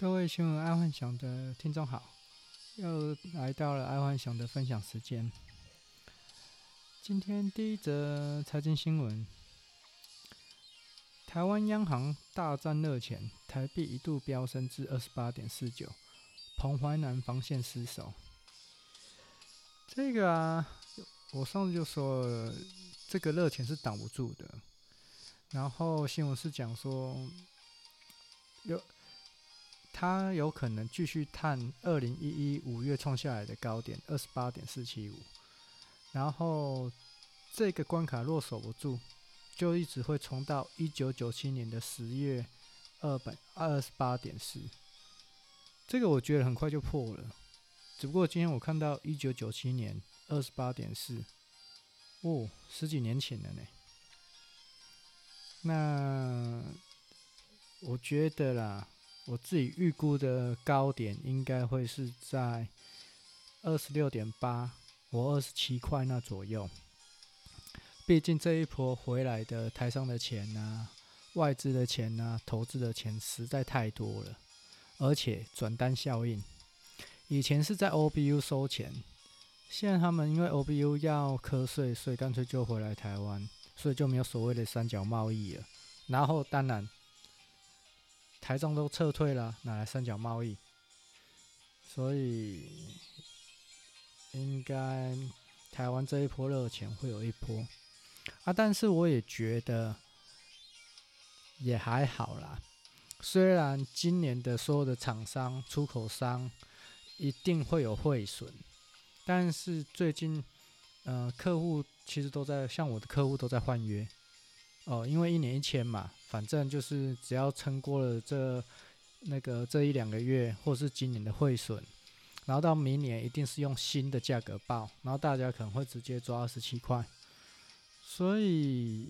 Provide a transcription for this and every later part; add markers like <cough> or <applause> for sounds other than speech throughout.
各位新聞愛幻想的聽眾好，又來到了愛幻想的分享時間。今天第一則財經新聞，台灣央行大戰熱錢，台幣一度飆升至二十八點四九，彭淮南防線失守。這個啊，我上次就說了，這個熱錢是擋不住的。然後新聞是講說，有。它有可能繼續探二零一一五月創下來的高點二十八點四七五，然後這個關卡若守不住，就一直會衝到一九九七年的十月二百二十八點四。這個我覺得很快就破了，只不過今天我看到一九九七年二十八點四，哦，十幾年前了呢。那我覺得啦。我自己預估的高點應該會是在二十六點八，或二十七塊那左右。畢竟這一波回來的台商的錢啊、外資的錢啊、投資的錢實在太多了，而且轉單效應，以前是在 OBU 收錢，現在他們因為 OBU 要課稅，所以乾脆就回來台灣，所以就沒有所謂的三角貿易了。然後當然。台商都撤退了，哪來三角貿易？所以應該台灣這一波熱錢會有一波啊，但是我也覺得也還好啦。雖然今年的所有的廠商、出口商一定會有匯損，但是最近呃，客戶其實都在像我的客戶都在換約哦，因為一年一簽嘛。反正就是只要撐過了這那個這一兩個月，或是今年的匯損，然後到明年一定是用新的價格報，然後大家可能會直接抓二十七塊。所以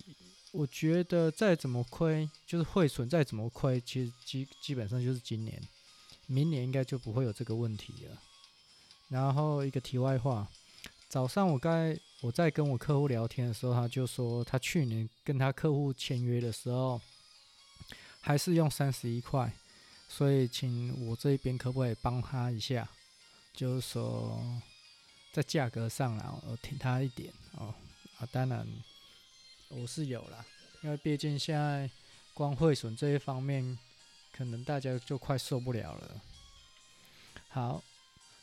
我覺得再怎麼虧，就是匯損再怎麼虧，其實基基本上就是今年，明年應該就不會有這個問題了。然後一個題外話，早上我剛我在跟我客戶聊天的時候，他就說他去年跟他客戶簽約的時候。還是用三十一塊，所以請我這邊可不可以幫他一下？就是說，在價格上啊，我聽他一點哦。啊，當然我是有啦，因為畢竟現在光匯損，這一方面，可能大家就快受不了了。好，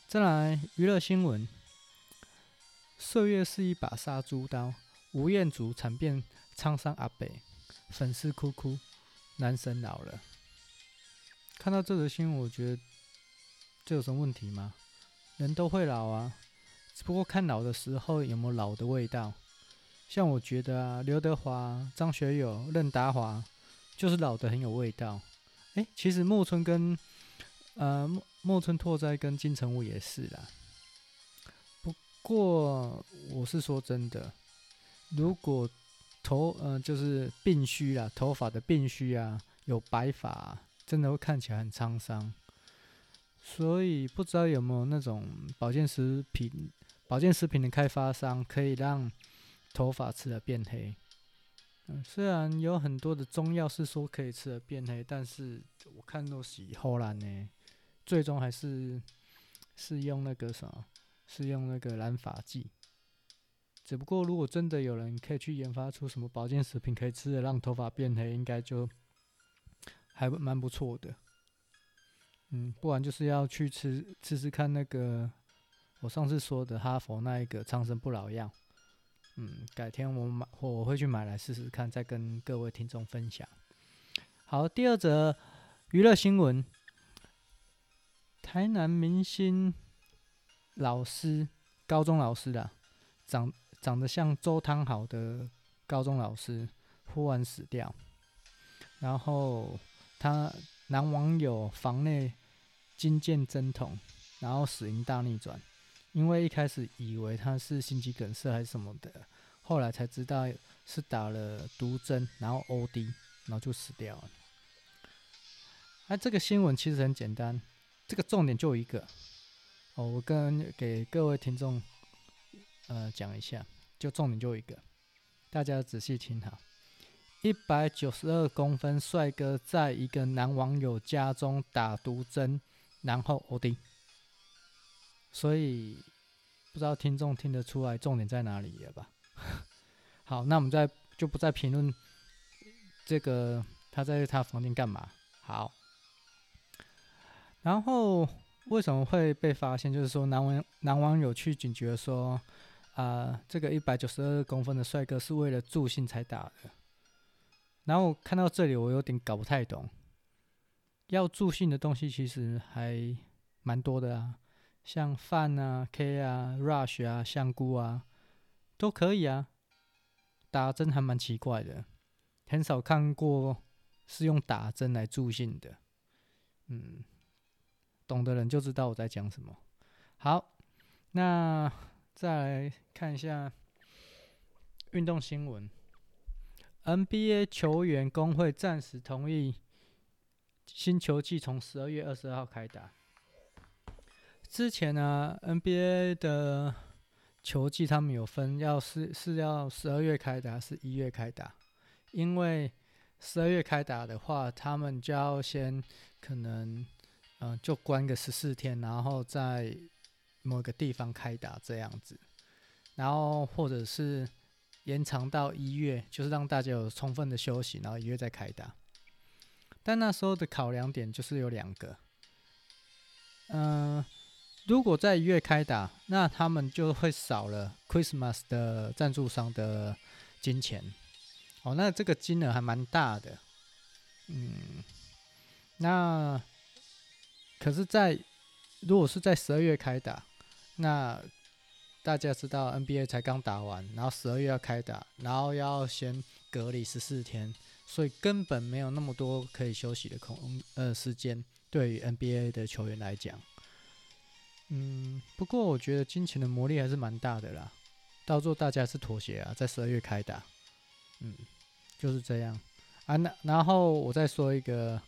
再來娛樂新聞：歲月是一把殺豬刀，吳彥祖慘變滄桑阿伯，粉絲哭哭。男神老了，看到這則新聞，我覺得這有什麼問題嗎？人都會老啊，只不過看老的時候有沒有老的味道。像我覺得啊，劉德華、張學友、任達華就是老的很有味道。哎、欸，其實木村跟呃木木村拓哉跟金城武也是啦。不過我是說真的，如果。頭嗯，就是病虛啊，頭髮的病虛啊，有白髮啊，真的會看起來很滄桑。所以不知道有沒有那種保健食品，保健食品的開發商可以讓頭髮吃了變黑。嗯，雖然有很多的中藥是說可以吃了變黑，但是我看都是後來呢，最終還是是用那個什麼，是用那個染髮劑。只不過，如果真的有人可以去研發出什麼保健食品可以吃的，讓頭髮變黑，應該就還蠻不錯的。嗯，不然就是要去吃吃吃看那個我上次說的哈佛那一個長生不老藥。嗯，改天我買，我會去買來試試看，再跟各位聽眾分享。好，第二則娛樂新聞，台南明星老師，高中老師的長。長得像周湯豪的高中老師忽然死掉，然後他男網友房內驚見針筒，然後死因大逆轉，因為一開始以為他是心肌梗塞還是什麼的，後來才知道是打了毒針，然後 OD，然後就死掉了。哎、啊，這個新聞其實很簡單，這個重點就一個，哦，我跟給各位聽眾。呃，講一下，就重點就一個，大家仔細聽哈。一百九十二公分帥哥在一個男網友家中打毒針，然後 OD。所以不知道聽眾聽得出來重點在哪裡了吧？ <laughs> 好，那我們再就不再評論這個他在他房間幹嘛。好，然後為什麼會被發現？就是說男網男網友去警局說。啊、呃，這個一百九十二公分的帥哥是為了助興才打的。然後看到這裡，我有點搞不太懂。要助興的東西其實還蠻多的啊，像飯啊、K 啊、Rush 啊、香菇啊，都可以啊。打針還蠻奇怪的，很少看過是用打針來助興的。嗯，懂的人就知道我在講什麼。好，那。再來看一下運動新聞。NBA 球員工會暫時同意新球季從十二月二十二號開打。之前呢，啊，NBA 的球季他們有分，要是是要十二月開打，是一月開打。因為十二月開打的話，他們就要先可能，嗯，呃，就關個十四天，然後再。某個地方開打這樣子，然後或者是延長到一月，就是讓大家有充分的休息，然後一月再開打。但那時候的考量點就是有兩個，嗯、呃，如果在一月開打，那他們就會少了 Christmas 的贊助商的金錢，哦，那這個金額還蠻大的，嗯，那可是在，在如果是在十二月開打。那大家知道 NBA 才剛打完，然後十二月要開打，然後要先隔離十四天，所以根本沒有那麼多可以休息的空呃時間，對於 NBA 的球員來講，嗯，不過我覺得金錢的魔力還是蠻大的啦，到時候大家是妥協啊，在十二月開打，嗯，就是這樣啊，那然後我再說一個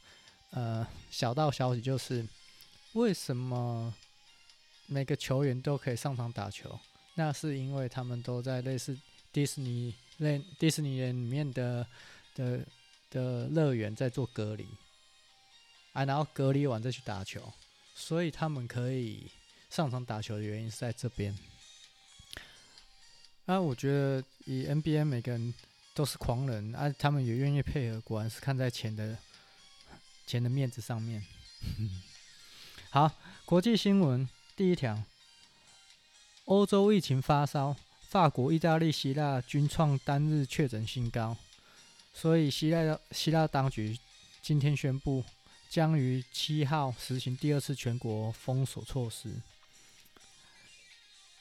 呃小道消息，就是為什麼。每個球員都可以上場打球，那是因為他們都在類似迪士尼類迪士尼園裡面的的的樂園在做隔離，啊，然後隔離完再去打球，所以他們可以上場打球的原因是在這邊。啊，我覺得以 NBA 每個人都是狂人啊，他們也願意配合，果然是看在錢的錢的面子上面。 <laughs> 好，國際新聞。第一條，歐洲疫情發燒，法國、意大利、希臘均創單日確診新高，所以希臘希臘當局今天宣布，將於七號實行第二次全國封鎖措施。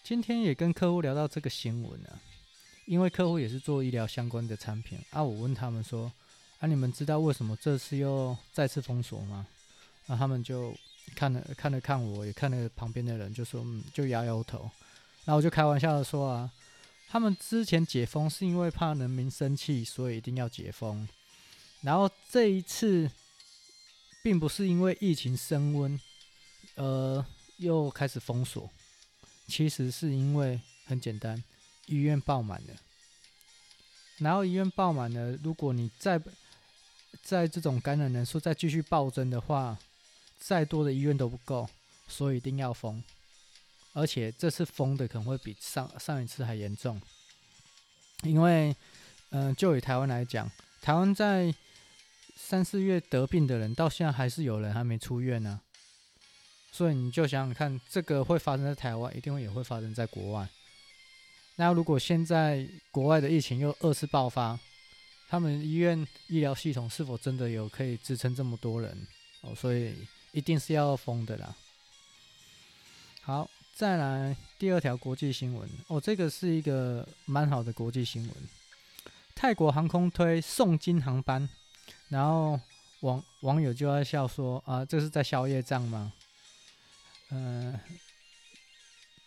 今天也跟客戶聊到這個新聞啊，因為客戶也是做醫療相關的產品啊，我問他們說，啊你們知道為什麼這次又再次封鎖嗎？那、啊、他們就。看了，看了看了看，我也看了旁邊的人，就說：“嗯，就搖搖頭。”然後我就開玩笑的說：“啊，他們之前解封是因為怕人民生氣，所以一定要解封。然後這一次，並不是因為疫情升溫，呃，又開始封鎖，其實是因為很簡單，醫院爆滿了。然後醫院爆滿了，如果你再在，在這種感染人數再繼續暴增的話。”再多的醫院都不夠，所以一定要封。而且這次封的可能會比上上一次還嚴重，因為，嗯、呃，就以台灣來講，台灣在三四月得病的人，到現在還是有人還沒出院呢、啊。所以你就想想看，這個會發生在台灣，一定會也會發生在國外。那如果現在國外的疫情又二次爆發，他們醫院醫療系統是否真的有可以支撐這麼多人？哦，所以。一定是要封的啦。好，再來第二條國際新聞哦，這個是一個蠻好的國際新聞。泰國航空推誦經航班，然後網網友就在笑說啊，這是在消業障嗎？嗯、呃，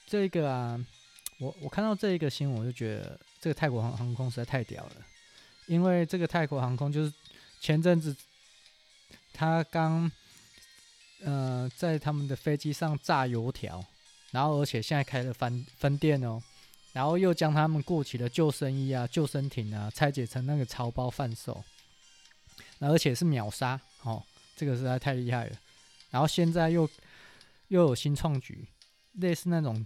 這個啊，我我看到這一個新聞，我就覺得這個泰國航空實在太屌了，因為這個泰國航空就是前陣子他剛。呃，在他們的飛機上炸油條，然後而且現在開了分分店哦，然後又將他們過期的救生衣啊、救生艇啊拆解成那個潮包販售，而且是秒殺哦，這個實在太厲害了。然後現在又又有新創舉，類似那種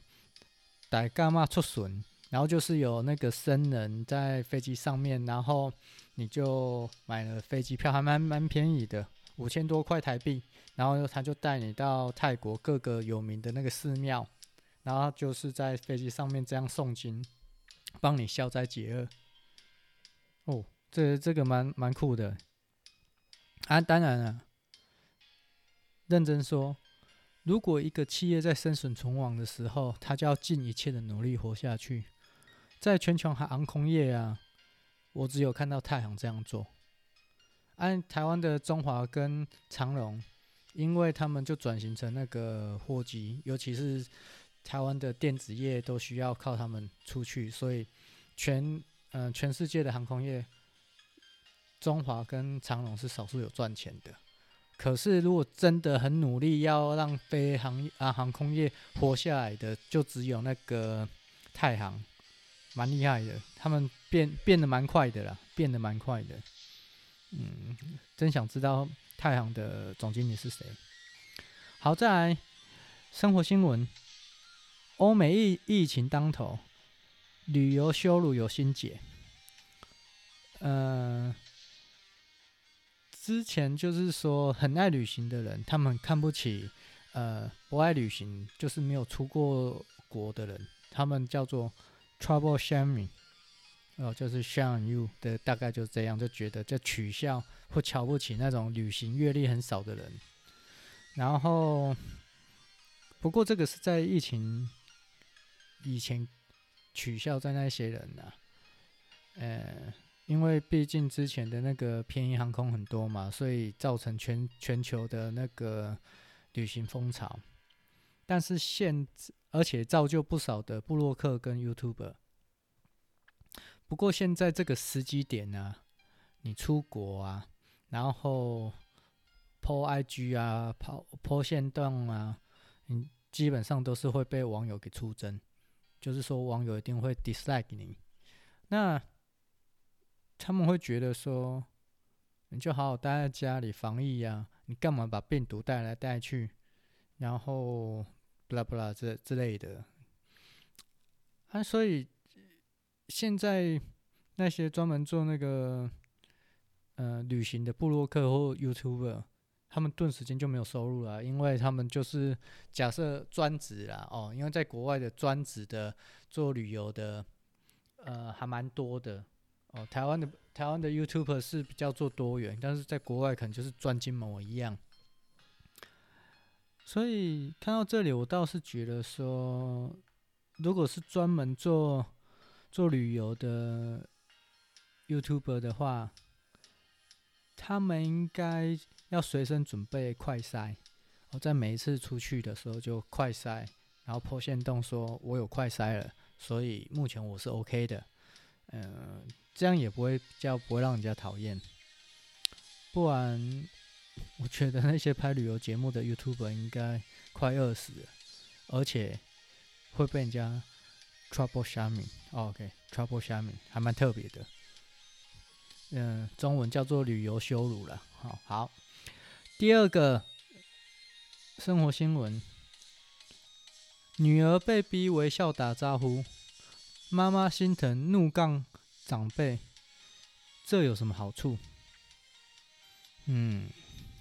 大甲媽出巡，然後就是有那個僧人在飛機上面，然後你就買了飛機票還蠻蠻便宜的。五千多塊台幣，然後他就帶你到泰國各個有名的那個寺廟，然後就是在飛機上面這樣誦經，幫你消災解厄。哦，這個、這個蠻蠻酷的啊！當然了、啊，認真說，如果一個企業在生存存亡的時候，他就要盡一切的努力活下去。在全球航空業啊，我只有看到泰航這樣做。按台灣的中華跟長榮，因為他們就轉型成那個貨機，尤其是台灣的電子業都需要靠他們出去，所以全嗯、呃、全世界的航空業，中華跟長榮是少數有賺錢的。可是如果真的很努力要讓飛航啊航空業活下來的，就只有那個泰航，蠻厲害的，他們變變得蠻快的啦，變得蠻快的。嗯，真想知道泰航的總經理是誰？好，再來生活新聞。歐美疫疫情當頭，旅遊羞辱有新解。呃，之前就是說很愛旅行的人，他們看不起呃不愛旅行，就是沒有出過國的人，他們叫做 travel shaming。哦，就是像 you 的大概就是這樣，就覺得這取笑或瞧不起那種旅行閱歷很少的人。然後，不過這個是在疫情以前取笑在那些人呢、啊。呃，因為畢竟之前的那個便宜航空很多嘛，所以造成全全球的那個旅行風潮。但是現而且造就不少的部落客跟 YouTuber。不過現在這個時機點呢、啊，你出國啊，然後 po IG 啊，po po 限動啊，你基本上都是會被網友給出征，就是說網友一定會 dislike 你。那他們會覺得說，你就好好待在家裡防疫啊，你幹嘛把病毒帶來帶去？然後不啦不啦，這之類的。啊，所以。現在那些專門做那個呃旅行的部落客或 YouTuber，他們頓時間就沒有收入了啊，因為他們就是假設專職啦哦，因為在國外的專職的做旅遊的，呃，還蠻多的哦。台灣的台灣的 YouTuber 是比較做多元，但是在國外可能就是專精某一樣。所以看到這裡，我倒是覺得說，如果是專門做。做旅遊的 YouTuber 的話，他們應該要隨身準備快篩。我在每一次出去的時候就快篩，然後 po 限動，說我有快篩了，所以目前我是 OK 的。嗯、呃，這樣也不會叫不會讓人家討厭。不然，我覺得那些拍旅遊節目的 YouTuber 應該快餓死了，而且會被人家。Travel shaming, OK, travel shaming 還蠻特別的。嗯，中文叫做“旅遊羞辱”了。好好，第二個生活新聞：女兒被逼微笑打招呼，媽媽心疼怒槓長輩，這有什麼好處？嗯，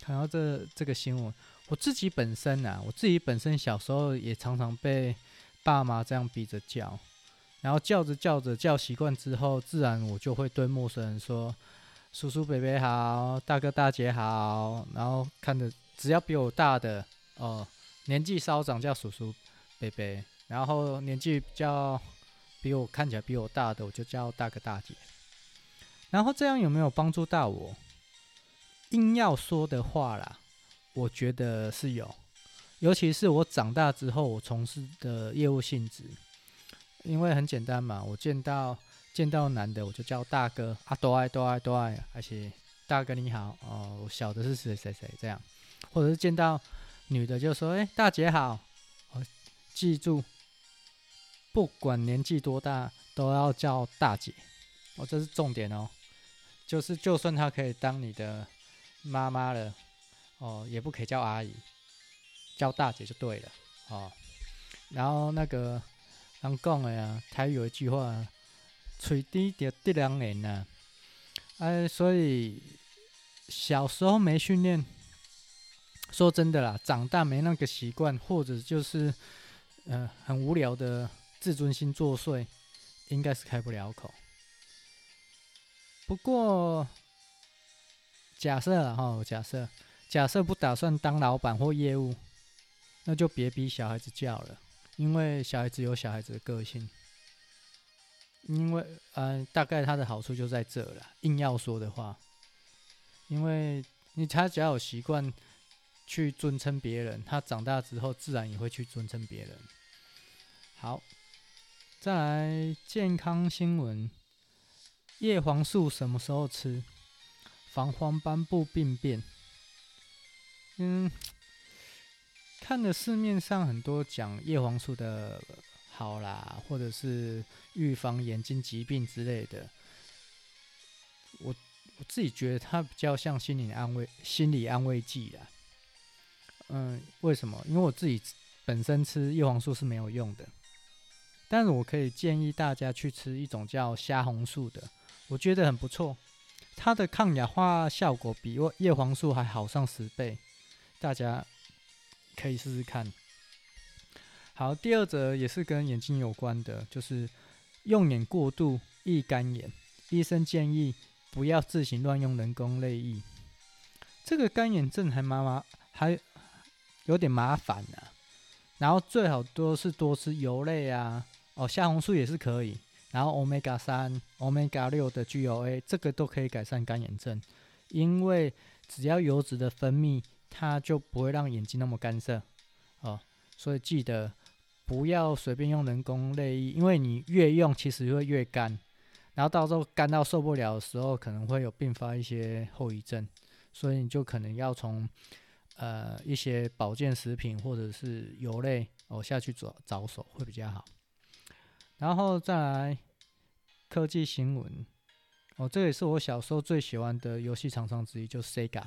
看到這這個新聞，我自己本身呢、啊，我自己本身小時候也常常被。爸媽這樣逼着叫，然後叫着叫着叫習慣之後，自然我就會對陌生人說：“叔叔、伯伯好，大哥、大姐好。”然後看着只要比我大的哦、呃，年紀稍長叫叔叔、伯伯，然後年紀比較比我看起來比我大的，我就叫大哥、大姐。然後這樣有沒有幫助到我？硬要說的話啦，我覺得是有。尤其是我長大之後，我從事的業務性質，因為很簡單嘛，我見到見到男的我就叫大哥啊，多愛多愛多愛，而且大，大哥你好哦，我小的是誰誰誰這樣，或者是見到女的就說哎、欸、大姐好，哦，記住，不管年紀多大都要叫大姐哦，這是重點哦，就是就算她可以當你的媽媽了哦，也不可以叫阿姨。教大姐就對了，哦，然後那個，人講的呀、啊，台語有一句話，嘴甜甜得兩年呢。哎，所以小時候沒訓練，說真的啦，長大沒那個習慣，或者就是，嗯、呃，很無聊的自尊心作祟，應該是開不了口。不過，假設啊，吼、哦，假設，假設不打算當老闆或業務。那就別逼小孩子叫了，因為小孩子有小孩子的個性。因為呃，大概他的好處就在這了。硬要說的話，因為你他只要有習慣去尊稱別人，他長大之後自然也會去尊稱別人。好，再來健康新聞，葉黃素什麼時候吃？防黃斑部病變。嗯。看了市面上很多講葉黃素的好啦，或者是預防眼睛疾病之類的，我我自己覺得它比較像心理安慰、心理安慰劑啦。嗯，為什麼？因為我自己本身吃葉黃素是沒有用的，但是我可以建議大家去吃一種叫蝦紅素的，我覺得很不錯，它的抗氧化效果比葉黃素還好上十倍，大家。可以試試看。好，第二則也是跟眼睛有關的，就是用眼過度易乾眼，醫生建議不要自行亂用人工淚液。這個乾眼症還麻麻，還有點麻煩呢、啊。然後最好多是多吃油類啊，哦，蝦紅素也是可以。然後歐米伽三、歐米伽六的 GOA，這個都可以改善乾眼症，因為只要油脂的分泌。它就不會讓眼睛那麼乾澀，哦，所以記得不要隨便用人工淚液，因為你越用其實會越乾，然後到時候乾到受不了的時候，可能會有併發一些後遺症，所以你就可能要從呃一些保健食品或者是油類哦下去找着手會比較好。然後再來科技新聞，哦，這個也是我小時候最喜歡的遊戲廠商之一，就是 Sega。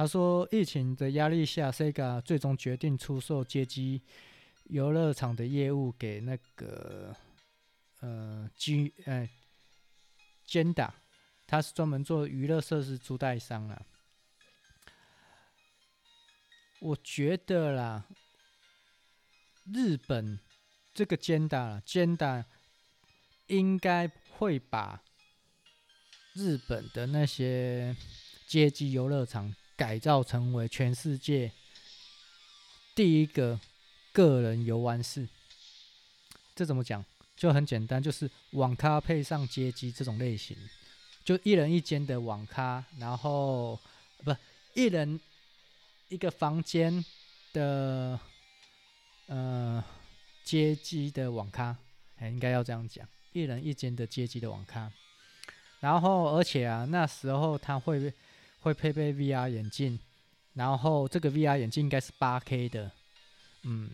他說：“疫情的壓力下，Sega 最終決定出售街機遊樂場的業務給那個呃，機呃，Genda，他是專門做娛樂設施租賃商啊。我覺得啦，日本這個 Genda，Genda 應該會把日本的那些街機遊樂場。”改造成為全世界第一個個人遊玩室，這怎麼講？就很簡單，就是網咖配上街機這種類型，就一人一間的網咖，然後不一人一個房間的呃街機的網咖，哎，應該要這樣講，一人一間的街機的網咖。然後而且啊，那時候他會被。會配備 VR 眼鏡，然後這個 VR 眼鏡應該是 8K 的，嗯，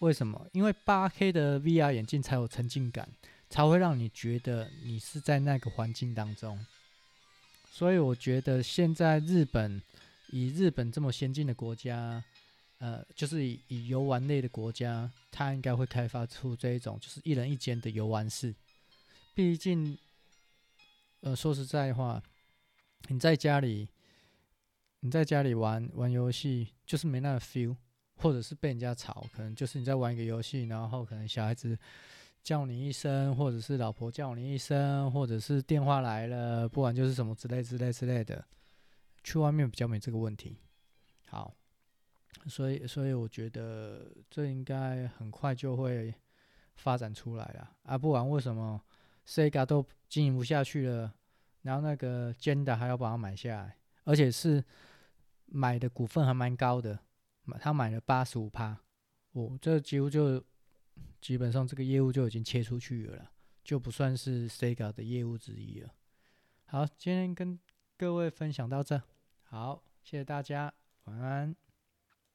為什麼？因為 8K 的 VR 眼鏡才有沉浸感，才會讓你覺得你是在那個環境當中。所以我覺得現在日本，以日本這麼先進的國家，呃，就是以以遊玩類的國家，它應該會開發出這一種就是一人一間的遊玩室。畢竟，呃，說實在話，你在家裡。你在家裡玩玩遊戲就是沒那個 feel，或者是被人家吵，可能就是你在玩一個遊戲，然後可能小孩子叫你一聲，或者是老婆叫你一聲，或者是電話來了，不管就是什麼之類之類之類的。去外面比較沒這個問題。好，所以所以我覺得這應該很快就會發展出來了。啊，不然為什麼 Sega 都經營不下去了？然後那個 Jen 的還要把它買下來，而且是。買的股份還蠻高的，他買了八十五趴，我、哦、這幾乎就基本上這個業務就已經切出去了啦，就不算是 C 股的業務之一了。好，今天跟各位分享到這，好，謝謝大家，晚安。